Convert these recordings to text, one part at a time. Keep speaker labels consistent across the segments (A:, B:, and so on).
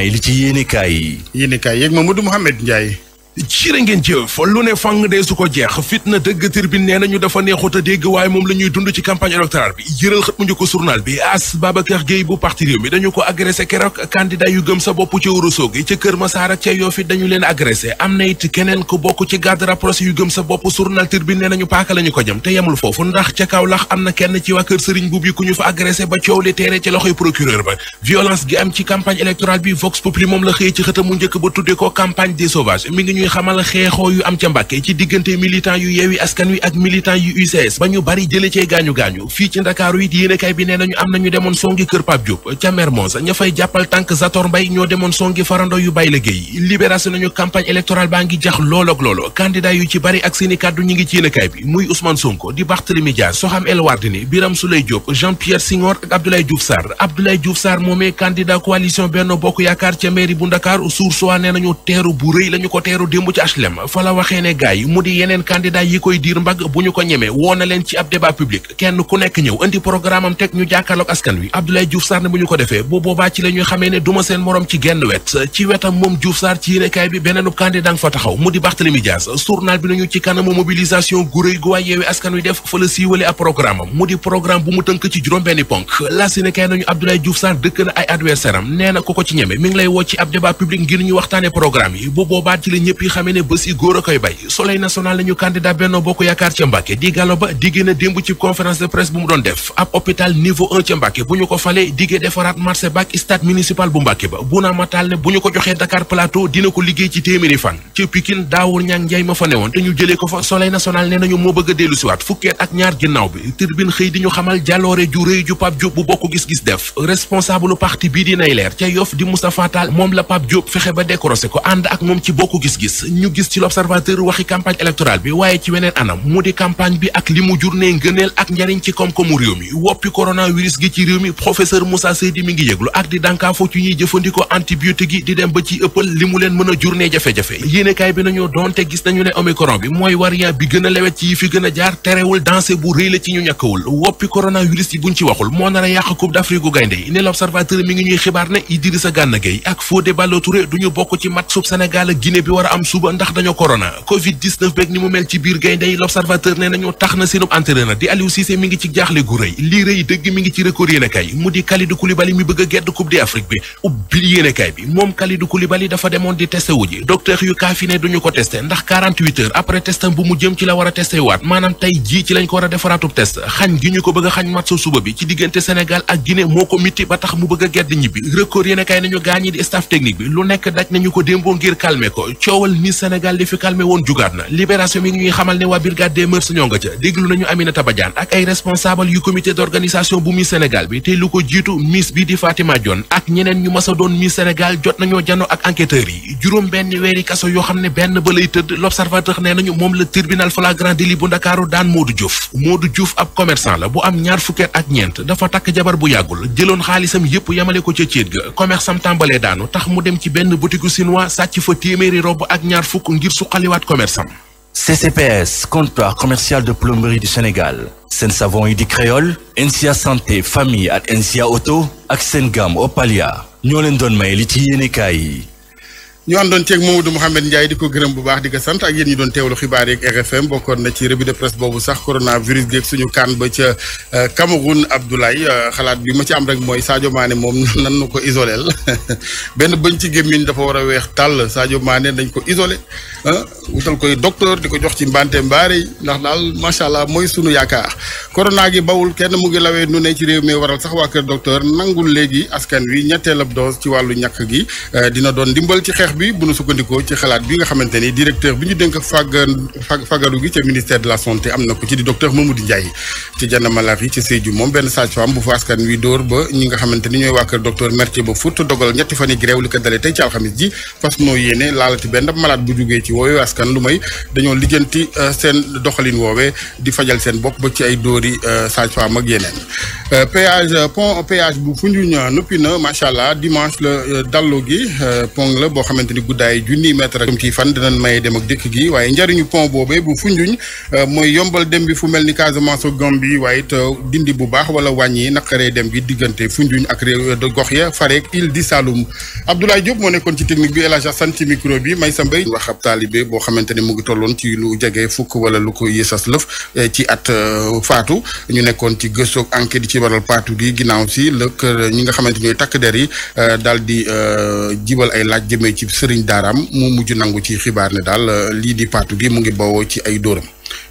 A: ay li ci yéenekaay yi. yéenekaay yeeg Mamadou Ndiaye. jërë ngeen jëf lu ne fang de su ko jeex fitna dëgg tribune nee nañu dafa neexut a dégg waaye moom la ñuy dund ci campagne électorale bi yëral xët mu njëkk na it keneen ku bokk ci garde rapproché yu sa bopp journal ñu ko jëm te am na kenn ci waa kër ku ñu ba ci loxoy procureur ba violence gi am ci campagne électorale bi Vox Populi moom la xëyee ci xëtam mu njëkk ba tudde ko campagne des sauvages mi ngi ñuy xamal xeexoo yu am ca Mbàkke ci diggante militant yu yeewi askan wi ak militant yu UCS ba ñu bari jële cee gaañu-gaañu fii ci Ndakaaru it yéenekaay bi nee nañu am nañu demoon songi kër Pape Diop ca Mermoz ña fay jàppal tànk Zator Mbaye ñoo demoon songi farando yu Baye Ligueye libération nañu campagne électorale baa ngi jax lool ak loolo candidat yu ci bari ak seeni kàddu ñu ngi ci yéenekaay bi muy Ousmane Sonko di Barthélémy Dias Soham El Wardini Birame Souleye bu Ndakaar source waa nee nañu teeru démb ci HLM fa la waxee ne gars yi mu di yeneen candidat yi koy diir mbagg bu ñu ko ñemee woo leen ci ab débat public kenn ku nekk ñëw indi programme teg ñu jàkkaarloog askan wi Abdoulaye Diouf ne bu ñu ko defee bu boobaa ci la ñuy ne duma seen morom ci genn wet ci wetam moom Diouf ci yéenekaay bi beneenub candidat fa taxaw mu di Barthélémy Dias journal bi nañu ci kanamu mobilisation gu rëy gu waa yeewi askan wi def fa la siiwale yi xamee ne bés yi góor a koy bay soleil national nañu candidat Benno Bokk Yaakaar ca Mbàkke di Gallo Ba diggée na démb ci conférence de presse bu mu doon def ab hôpital niveau 1 ca Mbàkke bu ñu ko falee diggée defaraat marché baak stade municipal bu Mbàkke ba bu naa mataal ne bu ñu ko joxee Dakar Plateau dina ko liggéey ci téeméeri fan ca Pikine daawur ñang njaay ma fa newoon te ñu jëlee ko fa soleil national ne nañu moo bëgg a dellu siwaat fukkeet ak ñaar moom la Pape Diop gis-gis gis ñu gis ci l'observateur waxi campagne électorale bi waaye ci weneen anam mu di campagne bi ak li mu ngëneel ak njariñ ci koom réew mi woppi coronavirus gi ci réew mi professeur Moussa Seydi mi ngi yëglu ak di dànkaafu ci ñuy jëfandikoo antibiotique yi di dem ba ci ëppal li leen mën a jur jafe-jafe yéenekaay bi nañu doonte gis nañu ne omicron bi mooy variant bi gën lewet yi fi gën jaar terewul dansé bu rëy ci ñu ñàkkawul woppi am suba ndax dañoo corona covid 19 ni mu mel ci biir gaynde yi ne nañu tax na seenub entraîneur di Aliou Cissé mi ngi ci jaaxle gu rëy lii rëy dëgg mi ngi ci record yéene mu di Kalidou ko coow coowal ni Sénégal li fi calmé woon jugaat na libération mi a juróom benn weeri kaso yoo xam ne benn ba lay tëdd l'observateur nee nañu moom la tribunal flagrant délit bu Ndakaaru daan Modou Diouf Modou Diouf ab commerçant la bu am ñaar fukkeet ak ñeent dafa takk jabar bu yàggul jëloon xaalisam yépp yamale ko ca céet ga commerçant tàmbalee daanu tax mu dem ci benn boutique chinois sàcc fa téeméeri robb ak ñaar fukk ngir suqaliwaat commerce am CCPS comptoir commercial de plomberie du Sénégal seen savon yi di créole NSIA
B: santé famille ak NSIA auto ak seen Opalia ñoo leen doon may ci yéenekaay
C: yi ñu àndoon ceeg Mamadou Mouhamed Ndiaye di ko gërëm bu baax di santa sant ak yéen ñu doon teewlu xibaar yeeg RFM bokkoon na ci revue de presse boobu sax coronavirus geeg suñu kaan ba ca euh, Cameroun Abdoulaye euh, xalaat bi ma ci am rek mooy Sadio maane moom nan na ko isolé benn bañ ci gémmiñ dafa war a weex tàll Sadio maane dañ ko isolé wutal koy docteur di ko jox ci mbante mbaare ndax daal macha allah mooy sunu yaakaar corona gi bawul kenn mu ngi lawee nu ne ci réew mi waral sax waa kër léegi askan wi ñetteelab dose ci wàllu ñàkk gi euh, dina doon dimbal ci xeex bi bu nu sukkandikoo ci xalaat bi nga xamante ni directeur bi ñu dénk fàgga fàggaru gi ca ministère de la santé am na ko ci di docteur Mamadou Ndiaye ci Diana Malafi ci Sédhiou moom benn sage-femme bu fa askan wi door ba ñi nga xamante ni ñooy waa kër docteur Mertier ba fut dogal ñetti fan yi grève li ko dalee tey ci alxamis ji fas noo yéene laalati benn malade bu jógee ci woowee askan lu may dañoo lijjanti euh, seen doxalin woowee di fajal seen bopp ba ci ay dóori euh, sage-femme ak yeneen Euh, péage pont péage bu Foundiougne noppi na macha allah dimanche la euh, dallu gi euh, pont la boo xamante ni guddaay junniy mètre ak ci fan dinañ may dem ak dëkk gi waaye njariñu pont boobee bu Foundiougne mooy yombal dem bi fu mel ni Casamance Gambie waaye dindi bu baax wala wàññi naqaree dem bi diggante Foundiougne ak réew de gox ya fareek Île di Saloum Abdoulaye Diop moo nekkoon ci technique bi El Hadj Assane ci micro bi may sa mbéy wax ab taalibe boo xamante ni mu ngi tolloon ci lu jege fukk wala lu ko yéesas lëf ci at faatu ñu nekkoon ci gëstoog enquête waral paatu gi ginnaaw si lëkk ñi nga xamante ñooy takk der yi euh, daal di euh, jibal ay laaj jëmee ci sëriñ daaraam mu mujj nangu ci xibaar ne daal euh, lii di paatu gi mu ngi bawoo ci ay dóoram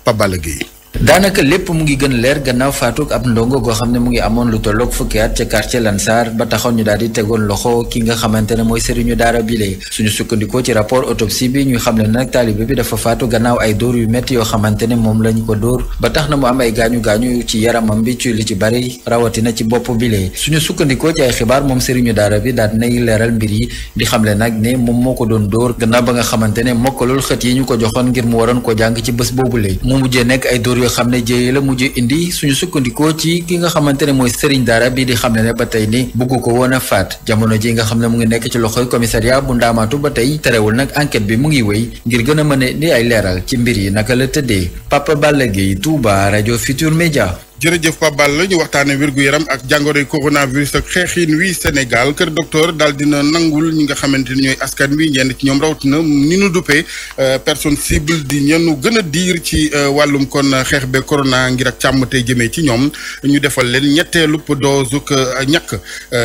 C: Pabal Gueye daanaka lépp mu ngi gën leer gannaaw faatu ab ndongo goo xam ne
B: mu ngi amoon lu tolloog fukki at ca quartier Lansar ba taxoon ñu daal di tegoon loxo ki nga xamante ne mooy sëriñu daara bile suñu sukkandikoo ci rapport autopsie bi ñuy xam ne nag taalibe bi dafa faatu gannaaw ay dóor yu métti yoo xamante ne moom lañu ko dóor ba tax na mu am ay gaañu gaañu ci yaramam bi ci li ci bari rawatina ci bopp bile suñu sukkandikoo ci xibaar moom sëriñu daara bi daal nay leeral mbir yi di xamle nag ne moom moo ko doon dóor gannaaw ba nga xamante ne mokkalul xët yi ñu ko joxoon ngir mu waroon ko jàng ci bés boobule mu mujjee nekk ay dóor yoo xam ne jéeye la mujj indi suñu sukkandikoo ci ki nga xamante ne mooy sëriñ daara bi di xam ne ne ba tey ni bugg ko woon a faat jamono ji nga xam ne mu ngi nekk ci loxoy commissariat bu ndaamaatu ba tey terewul nag enquête bi mu ngi wéy ngir gën a mën a indi ay leeral ci mbir yi naka
C: la tëddee Papa Balla Gueye Touba rajo Futur Média jërëjëf Pape Balla ñu waxtaanee wér yaram ak jàngoro jàngoroy coronavirus ak xeexin wi Sénégal kër docteur daal dina nangul ñi nga xamante ni ñooy askan wi ñenn ci ñoom rawatina ni nu duppee euh, personne cible di ñenu gën a diir ci euh, wàllum kon xeex be corona ngir ak càmmte jëmee ci ñoom ñu defal leen ñetteelu dose ak euh, ñàkk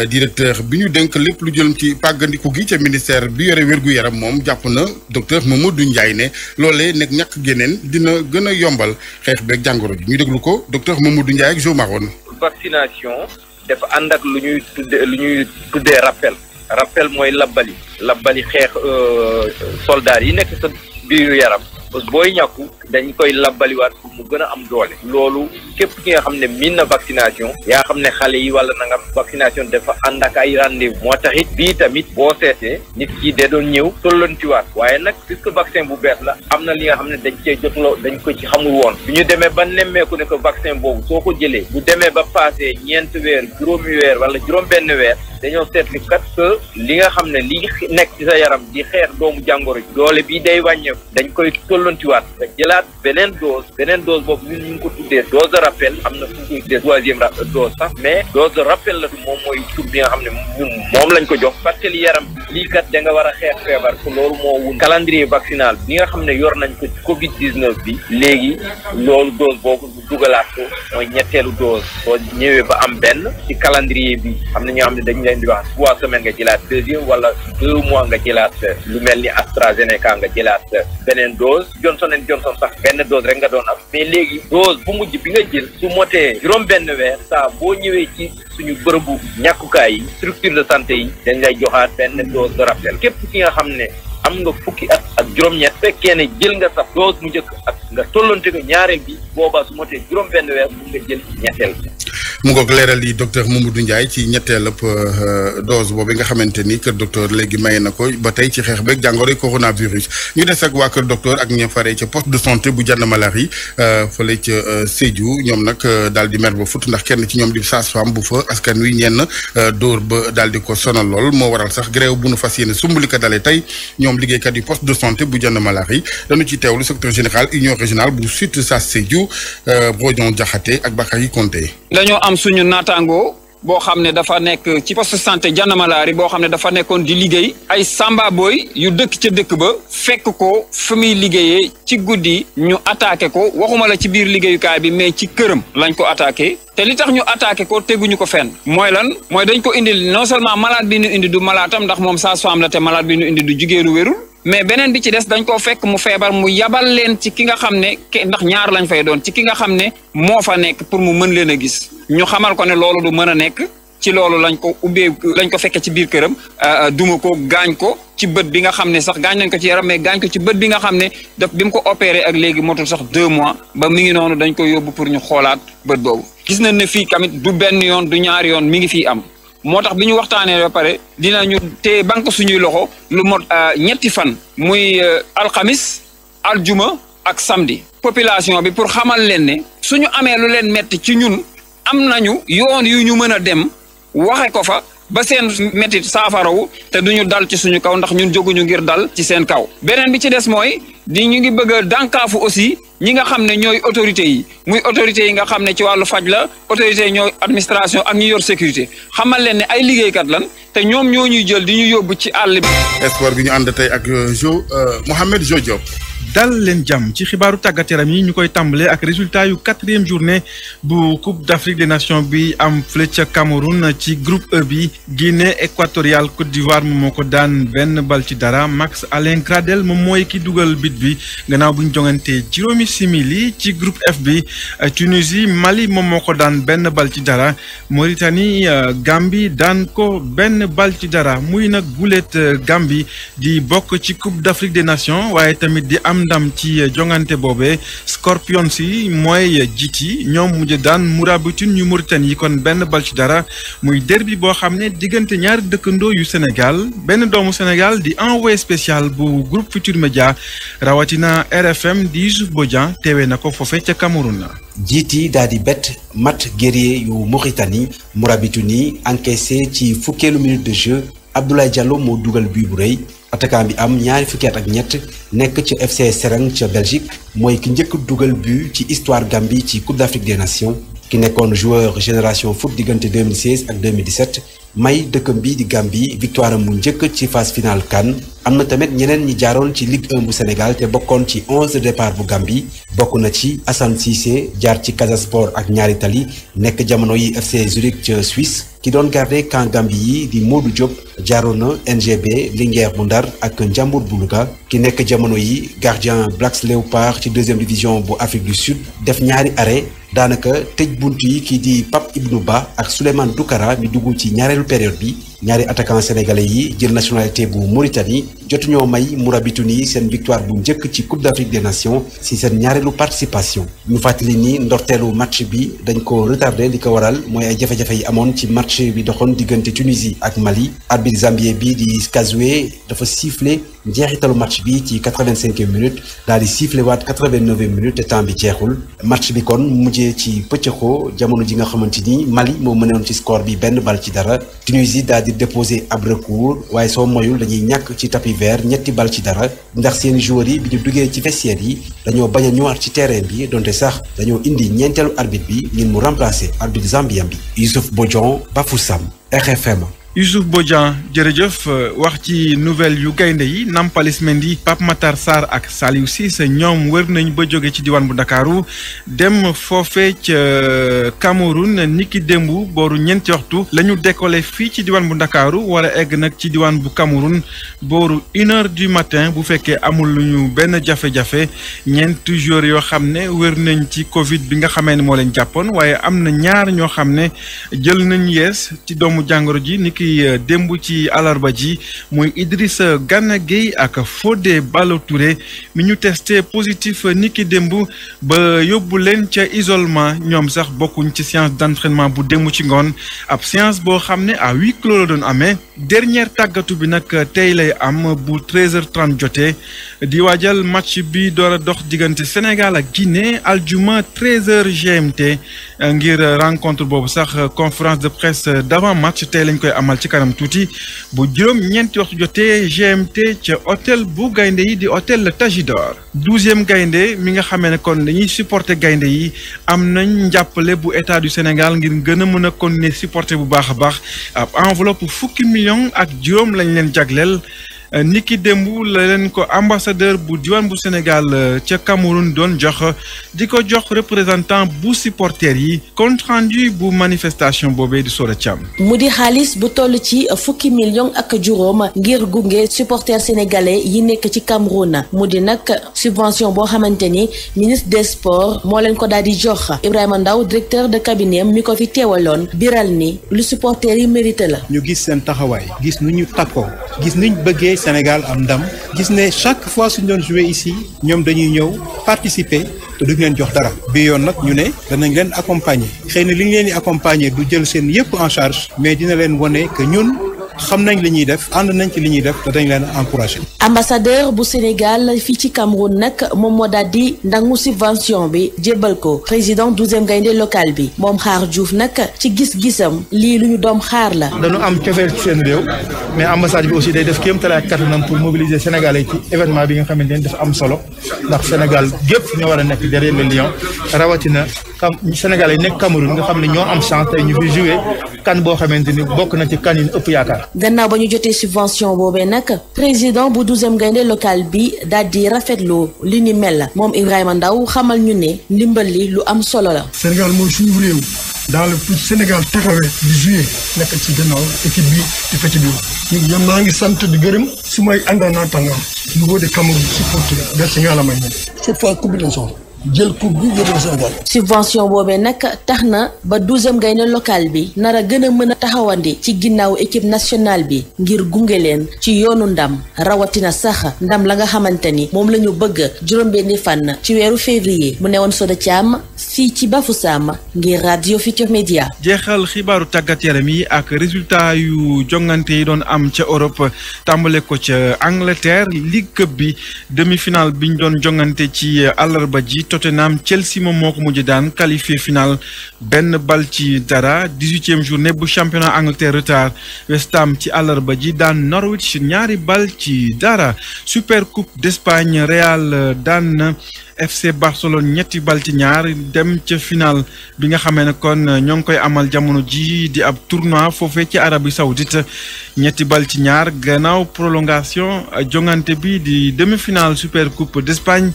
C: directeur bi ñu denk lépp lu jël ci pàggandiku gi ca ministère bi yore wér yaram moom jàpp na docteur Mamadou Ndiaye ne loolee nekk ñàkk geneen dina gën a yombal xeex beeg jàngoro ji ñu déglu ko Mamadou Ndiaye ak Jo Marone.
B: vaccination dafa ànd ak lu ñuy tuddee lu ñuy tuddee rappel. rappel mooy labbali. labbali xeex euh, soldats yi nekk sa biiru yaram. booy ñàkku dañ koy labbaliwaat pour mu gën a am doole. loolu képp ki nga xam ne miin na vaccination yaa xam ne xale yi wala nangam vaccination dafa ànd ak ay rendez moo tax it bii tamit boo seetee nit ki dee doon ñëw tollantiwaat waaye nag puisque vaccin bu bees la am na li nga xam ne dañ cee jotloo dañ ko ci xamul woon bu ñu demee ba nemmeeku ne ko vaccin boobu soo ko jëlee bu demee ba passé ñeent weer juróomi weer wala juróom-benn weer dañoo seetlu kat que li nga xam ne li nekk ci sa yaram di xeer doomu jàngoro doole bii day wàññeeku dañ koy tollantiwaat jëlaat beneen dose beneen rappel am na fu ñu koy troisième dose sax mais dose de rappel la moom mooy tur bi nga xam ne ñun moom lañ ko jox fàttali yaram lii kat da nga war a xeex feebar ko loolu moo wun calendrier vaccinal bi nga xam ne yor nañ ko covid 19 bi léegi loolu dose boobu dugalaat ko mooy ñetteelu dose soo ñëwee ba am benn ci calendrier bi am na ñoo xam ne dañ leen di wax trois semaines nga jëlaat deuxième wala deux mois nga jëlaat lu mel ni AstraZeneca nga jëlaat nga doon am mais léegi dose bu mujj bi nga jël utile su motee juróom-benn weer saa boo ñëwee ci suñu bërëbu ñàkkukaay yi structure de santé yi dañ lay joxaat benn dose de rappel képp ki nga xam ne am nga fukki at ak juróom-ñett fekkee ne jël nga sax dose mu njëkk ak nga tollante ko ñaareel bi boobaa su motee juróom-benn weer bu nga jël ñetteel
C: mu ngoog leeral yi docteur Mamadou Ndiaye ci ñetteelëp euh, euh, dose boobu nga xamante ni kër docteur léegi may na ko ba tey ci xeex beeg jàngoroy coronavirus ñu des ak waa kër docteur ak ña fare ca poste de santé bu Diana Maleri euh, fële ca Sédhiou ñoom nag daal di mer ba fut ndax kenn ci ñoom di sage-femme bu fa askan wi ñenn dóor ba dal di ko sonal lool moo waral sax grève bu nu fas yéene sumbali ko dalee tey ñoom liggéeykat yu poste de santé bu Diana Maleri dañu ci teewlu secteur général union régionale bu Sud Sas Sédhiou Bodian jaxate ak Bakary Konté
D: am suñu naataangoo boo xam ne dafa nekk ci poste santé Janamalaari boo xam ne dafa nekkoon di liggéey ay samba booy yu dëkk ca dëkk ba fekk ko fi muy liggéeyee ci guddi ñu attaqué ko waxuma la ci biir liggéeyukaay bi mais ci këram lañ ko attaqué te li tax ñu attaqué ko teguñu ko fenn mooy lan mooy dañ ko indil non seulement malade bi ñu indi du malaatam ndax moom sage-femme la te malade bi nu indi du jigéenu wérul mais beneen bi ci des dañ koo fekk mu feebar mu yabal leen ci ki nga xam ne ndax ñaar lañ fay doon ci ki nga xam ne moo fa nekk pour mu mën leen a gis ñu xamal ko ne loolu du mën a nekk ci loolu lañ ko ubbee lañ ko fekkee ci biir këram euh, euh, duma ko gaañ ko ci bët bi nga xam ne sax gaañ nañ ko ci yaram mais gaañ ko ci bët bi nga xam ne daf bi ko opéré ak léegi motul sax deux mois ba mi ngi noonu dañ ko yóbbu pour ñu xoolaat bët boobu gis nañ ne fii tamit du benn yoon du ñaari yoon mi ngi fii am moo tax bi ñu waxtaanee ba pare ñu te banque suñuy loxo lu mot euh, ñetti fan muy euh, alxamis aljuma ak samedi population bi pour xamal leen ne su ñu amee lu leen metti ci ñun am nañu yoon yu ñu mën a dem waxe ko fa ba seen métit saafarawu te du ñu dal ci suñu kaw ndax ñun jóguñu ngir dal ci seen kaw beneen bi ci des mooy di ñu ngi bëgg a dànkaafu aussi ñi nga xam ne ñooy autorités yi muy autorités yi nga xam ne ci wàllu faj la autorités ñooy administration ak ñu yor sécurité xamal leen ne ay liggéeykat lan te ñoom ñoo ñuy jël di ñu yóbbu ci àll bi.
C: bi ñu ànd tey ak Jo euh,
D: Mouhamed Jo Diop dal leen jàmm ci xibaaru
E: tàggat yaram yi ñu koy tàmbalee ak résultat yu quatrième journée bu coupe d'Afrique des nations bi am fële ca Cameroun ci groupe E bi Guinée équatoriale Côte d'Ivoire moom moo ko daan benn bal ci dara Max Alain Gradel moom mooy ki dugal bit bi gannaaw buñ ñu jongante juróomi simili ci groupe F bi Tunisie Mali moom moo ko daan benn bal ci dara Mauritanie euh, Gambie daan ko benn bal ci dara muy nag gulet euh, Gambie di bokk ci coupe d'Afrique des ndam ci jongante boobe scorpions si mooy jiit yi ñoom mujj daan Mourabitoune ñu Mauritanie yi kon benn bal ci dara muy derbi boo xam ne diggante ñaari dëkkandoo yu Sénégal benn doomu Sénégal di envoyé spécial bu groupe Futur Média rawatina RFM di Youssouf Bodian teewee na ko foofe ca Cameroun. jiit yi daal di bett mat guerrier yu Mauritanie
F: Mourabitoune yi encaissé ci fukkeelu minute de jeu. Abdoulaye Diallo moo dugal bii bu rëy attaquant bi am ñaari fukki ak ñett nekk ci FC Sereng ca Belgique mooy ki njëkk dugal but ci histoire Gambie ci Coupe d'Afrique des Nations ki nekkoon joueur génération foot diggante 2016 ak 2017 may dëkkam bi di Gambie victoire mu njëkk ci phase finale CAN am na tamit ñeneen ñi jaaroon ci Ligue 1 bu Sénégal te bokkoon ci 11 de départ bu Gambie bokk na ci Assane Cissé jaar ci Casa Sport ak ñaari tali nekk jamono yi FC Zurich ca Suisse ki doon gardé kan Gambie yi di Modou Diop jaaroon na NGB Linguère bu Ndar ak Ndiambour bu ki nekk jamono yi gardien Blacks Léopard ci deuxième division bu Afrique du Sud def ñaari arrêt daanaka tëj bunt yi kii di Pape Ibnou Ba ak Souleymane Doukara mi duggul ci ñaareelu période bi ñaari attaquant sénégalais yi jël nationalité bu Mauritanie jotu ñoo may Mourabitouni seen victoire bu njëkk ci Coupe d'Afrique des Nations si seen ñaareelu participation ñu fàttali ni ndorteelu match bi dañ ko retardé li ko waral mooy ay jafe-jafe yi amoon ci match bi doxoon diggante Tunisie ak Mali arbitre zambien bi di Kazoué dafa sifflé njeexitalu match bi ci 85e minute daal di sifflé waat 89e minute te temps bi jeexul match bi kon mujjee ci pëccëxoo jamono ji nga xamante ni Mali moo mënoon ci score bi benn bal ci dara di déposer ab recours waaye soo moyul dañuy ñàkk ci tapis vert ñetti bal ci dara ndax seen joueurs yi bi ñu duggee ci vestiaire yi dañoo bañ a ñëwaat ci terrain bi donte sax dañoo indi ñeenteelu arbitre bi ngir mu remplacer arbitre zambien bi Youssouf Bodian Bafoussam RFM
E: Youssouf Bodian jërëjëf euh, wax ci nouvelle yu gaynde yi Nampalys Mendy Pape Matar Sarr ak Saliou Cissé ñoom wër nañ ba joge ci diwaan bu Ndakaaru dem foofe ca euh, Cameroun niki démb booru ñeenti waxtu la ñu décollé fii ci diwaan bu Ndakaaru war egg nag ci diwaan bu Cameroun booru une du matin bu fekkee amul luñu benn jafe-jafe ñeent joueurs yoo xam ne wër nañ ci Covid bi nga xamee ne moo leen jàppoon waaye am na ñaar ñoo xam ne jël nañ yees ci doomu jàngoro ci euh, démb ci alarba ji mooy Idrissa Gana Gueye ak Fodé Ballo-Touré mi ñu testé positif euh, niki démb ba yóbbu leen ca isolement ñoom sax bokkuñ ci séance d'entraînement bu démb ci ngoon ab séance boo xam ne à huis la doon amee dernière tàggatu bi nag euh, tey lay am bu 13h30 jotee di match bi door a dox diggante Sénégal ak Guinée aljuma 13 GMT. ngir euh, rencontre boobu sax euh, conférence de presse euh, d'avant match tey lañu koy amal ci kanam tuuti bu juróom ñeenti waxtu jotee GMT ca hôtel bu gaynde yi di hôtel Tajidor douzième gaynde mi nga xamee ne kon dañuy supporter gaynde yi am nañ njàppale bu état du Sénégal ngir gën a mën a kon ni supporter bu baax a baax ab enveloppe fukki million ak juróom lañ leen jagleel Euh, niki démb la leen ko ambassadeur bu diwaan bu Sénégal euh, ca Cameroun doon jox di ko jox représentant bu supporter yi compte rendu bu manifestation boobee di Sora Thiam.
G: mu di xaalis bu toll ci fukki million ak juróom ngir gunge supporter sénégalais yi nekk ci na mu di nag subvention boo xamante ni ministre des moo leen ko daal di jox Ibrahima Ndaw directeur de cabinet mi ko fi teewaloon biral ni lu supporter yi mérite la. ñu gis seen taxawaay gis nu ñu
E: Sénégal am ndam gis ne chaque fois suñu doon jouer ici ñoom dañuy ñëw participer te duñ leen jox dara bi yoon nag ñu ne danañ leen accompagner xëy na li ñu leen di accompagner du jël seen yëpp en charge mais dina leen wone que ñun. xam nañ li ñuy def ànd nañ ci li ñuy def te dañ leen
A: encouragé.
G: ambassadeur bu Sénégal fii ci Cameroun nag moom moo daal di nangu subvention bi jébbal ko président douzième gaynde local bi moom xaar Diouf nag ci gis-gisam lii lu ñu doom xaar la.
E: dañu am cofeel ci seen réew mais ambassade bi aussi day def kéem talaay kattanam pour mobiliser sénégalais ci événement bi nga xamante ne dafa am solo ndax Sénégal gépp ñoo war a nekk derrière le lion rawatina. xam Sénégalais yi nekk Cameroun nga xam ne ñoo am chance tey ñu fi joué kan boo xamante ni bokk na ci kan yi ëpp yaakaar.
G: gannaaw ba ñu jotee subvention boobee nag président bu douzième gaynde local bi daal di rafetlu li ni mel la moom Ibrahima Ndaw xamal ñu ne ndimbal li lu am solo la.
A: Sénégal mooy suñu réew. daal bu Sénégal taxawee di joué nekk ci gannaaw équipe bi di fecc bi ñu ñoom maa ngi sant di gërëm su may àndaan naa tàngaam niveau de Cameroun supporter la may ñëw cette fois jël coupe bi yóbbu Sénégal.
G: subvention boobee nag tax na ba douzième gaynde local bi nar a gën a mën a taxawandi ci ginnaaw équipe nationale bi ngir gunge leen ci yoonu ndam rawatina sax ndam la nga xamante ni moom la ñu bëgg juróom-benni fànn ci weeru février mu newoon Soda Thiam fii ci Bafoussam ngir radio Futurs Médias.
E: jeexal xibaaru tàggat yaram yi ak résultat yu jongante yi doon am ca Europe tàmbale ko ca Angleterre League Cup bi demi-finale bi ñu doon jongante ci àllarba ji. Tottenham Chelsea moom moo ko mujj daan qualifié final benn bal ci dara dix-huitième journée bu championnat Angleterre retard West Ham ci àllarba ji daan Norwich ñaari bal ci dara super d'Espagne Real daan. FC Barcelone ñetti bal ci ñaar dem ca final bi nga xamee ne kon ñoo ngi koy amal jamono ji di ab tournoi foofee ci Arabie Saoudite ñetti bal ci ñaar gannaaw prolongation jongante bi di demi-finale Super Coupe d'Espagne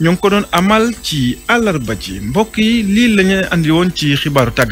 E: ñoo ngi ko doon amal ci àllarba ji mbokk yi lii lañu ñu andi woon ci xibaaru tàggat